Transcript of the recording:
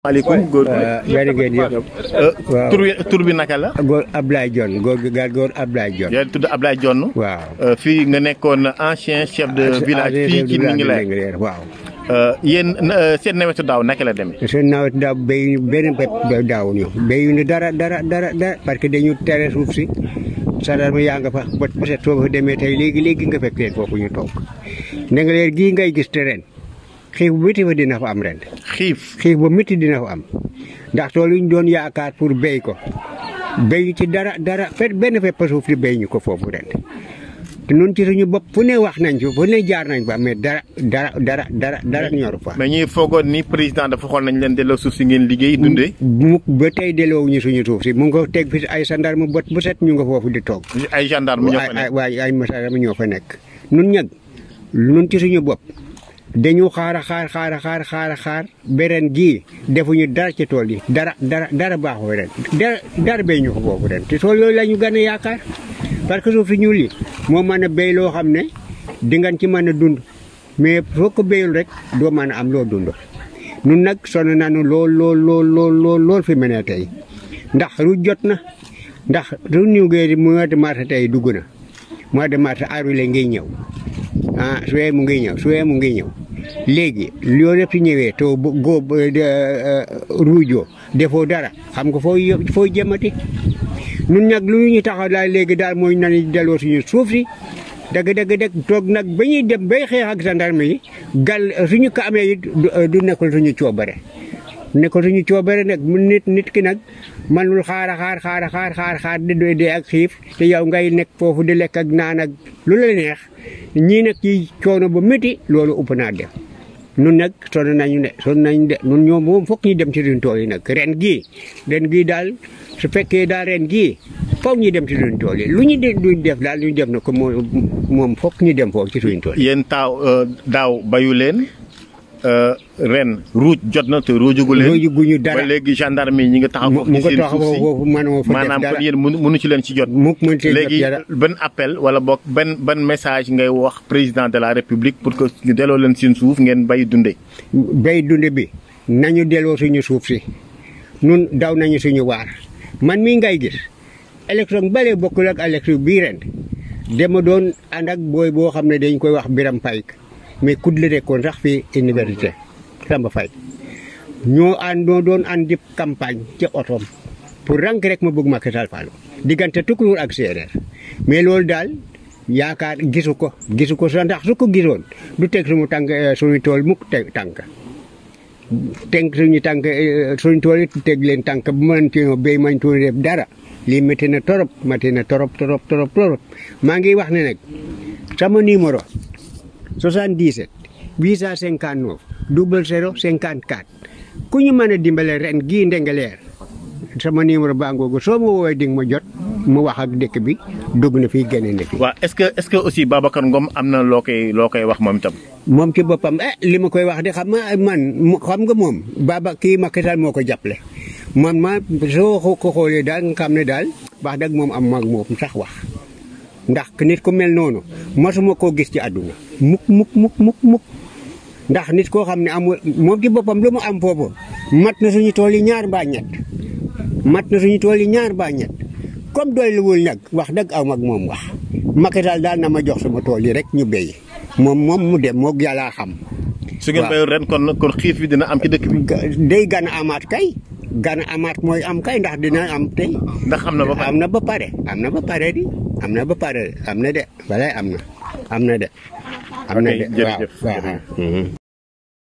maaleykum góor euh, euh, bi tur naka la góor Ablaye Dione góor gi góor Ablaye Dione yaa tudd Ablaye Dione waaw euh, fii nga nekkoon ancien chef de village fii ci Ndingler waaw yéen seen nawetu daaw naka la demee seen nawetu daaw béyuñu benn bépp daaw ñu béyuñu dara dara dara dara parce que dañu tere suuf si sadar mi yaa nga fa ba set soo fa demee tey léegi léegi nga fekk leen foofu ñu toog Ndingler gii ngay gis te ren xiif bu métti ba dina fa am ren. xiif xiif bu métti dina fa am ndax tool yi ñu doon yaakaar pour béy ko béy ci dara dara fet benn fepp suuf di béy ñu ko foofu ren. nun ci suñu bopp fu ne wax nañ fi fu ne jaar nañ fa mais dara dara dara dara dara ñoru fa. mais ñuy foogoon ni président dafa xool nañ leen delloo suuf si ngeen liggéey dundee. mu ba tey delloo suñu suuf si mu ngi ko teg fi ay gendarme bët bu set ñu nga foofu di toog. ay gendarme ñoo fa nekk ay ay ay gendarme ñoo fa nekk. ñun ñag ñun ci suñu bopp. dañu xaar a xaar xaara a xaar xaar a xaar beren gii defuñu dara ci tool yi dara dara dara baaxoo ren dara dara béy ñu ko boobu ren te tool yooyu la ñu gën a yaakaar parce que suuf si ñuul yi moo man a béy loo xam ne di nga ci mën a dund mais soo ko béyul rek doo man a am loo dund nun nag sonn nañu lool lool lool lool lool lool fi mu tey ndax ru jot na ndax ru ñu ngee mois de tey dugg na mois de mars avril ngay ñëw ah juin mu ngi ñëw juin mu ngi ñëw léegi loolu yëpp su ñëwee to góob eh, eh, ruujoo defoo dara xam nga foo foo jëmati nun nag lu ñu taxaw daal léegi daal mooy nañu delloo suñu suuf si dëgg dëgg dëgg toog nag ba ñuy dem bay xeex ak gendarme yi gal suñu ko amee it du nekkul suñu bare nekko suñu coobare nag mu nit ki nag manul xaar xaar xaar xaar xaar xaar di de dee ak xiif te yow ngay nekk foofu di lekk ak naan ak lu la neex ñii nag ci coono ba métti loolu ëpp naa def nun nag sonn nañu ne sonn nañu de nun ñoom moom fokk ñu dem ci suñu tool yi nag ren gii ren gii daal su fekkee daal ren gii foog ñu dem ci suñu tool lu ñu de def daal lu ñu def na ko moom moom fokk ñu dem foofu ci suñu tool yi. yéen taaw euh, daaw bayu leen. Euh, ren ruuj jot na te ruujagu leen. ruujaguñu dara ba léegi gendarme yi ñu ngi taxaw. mu ngi taxaw foofu mënoo fa def dara maanaam kon yéen mënu ci leen ci jot. mu mën cee ban appel wala boog ban ban message ngay wax président de la république pour que ñu delloo leen seen suuf ngeen bay dunde bay dunde bi nañu delloo suñu suuf si nun daw nañu suñu waar man mii ngay gis élection balee bokkul ak élection bii ren dama doon ànd ak booy boo xam ne dañ koy wax Biram Payk mais kud la nekkoon sax fii université Samba Faye ñoo àndoo doon andi campagne ca otoom pour rank rek ma bëgg Macky Sall falu diggante tukulóor ak séeréer mais loolu daal yaakaar gisu ko gisu ko sa ndax su ko gisoon du teg suñu tànk eh, suñu tool mukk tànk teg suñu tànk eh, suñu tool it teg leen tànk bu mën ci béy mañ tuur def dara lii métti na torop métti na torop torop torop torop maa ngi wax ne nag sama numéro 77 859 00 54 ku ñu mën a dimbale ren gii Ndingler sama numéro baa ngoogu soo ma woowee di nga ma jot mu wax ak dëkk bi dugg na fii génne na fi. waaw est-ce que est-ce que aussi Babacar Ngom am na loo koy loo koy wax moom itam. moom ci boppam eh li ma koy wax de xam nga man xam nga moom Baba kii Macky Sall moo ko jàppale man ma soo ko xoolee daal nga xam ne daal baax dëgg moom am maag moom sax wax ndax nit ku mel noonu mosuma koo gis ci àdduna. mukk mukk mukk mukk mukk ndax nit koo xam ne amul moom ci boppam lu mu am foofu mat na suñu tool yi ñaar mbaa ñett mat na suñu tool yi ñaar mbaa ñett comme doy lu wul nag wax dëgg aw mag moom wax Macky daal daal na ma jox sama tool yi rek ñu béy moom moom mu dem moog yàllaa xam. su ngeen béyoon ren kon kon xiif bi dina am ci dëkk bi. day gan amaat kay gan amaat mooy am kay ndax dina am tey. ndax am na ba pare am na ba pare am na ba pare di am na ba pare am na de balay am na. am na de. am na de mhm.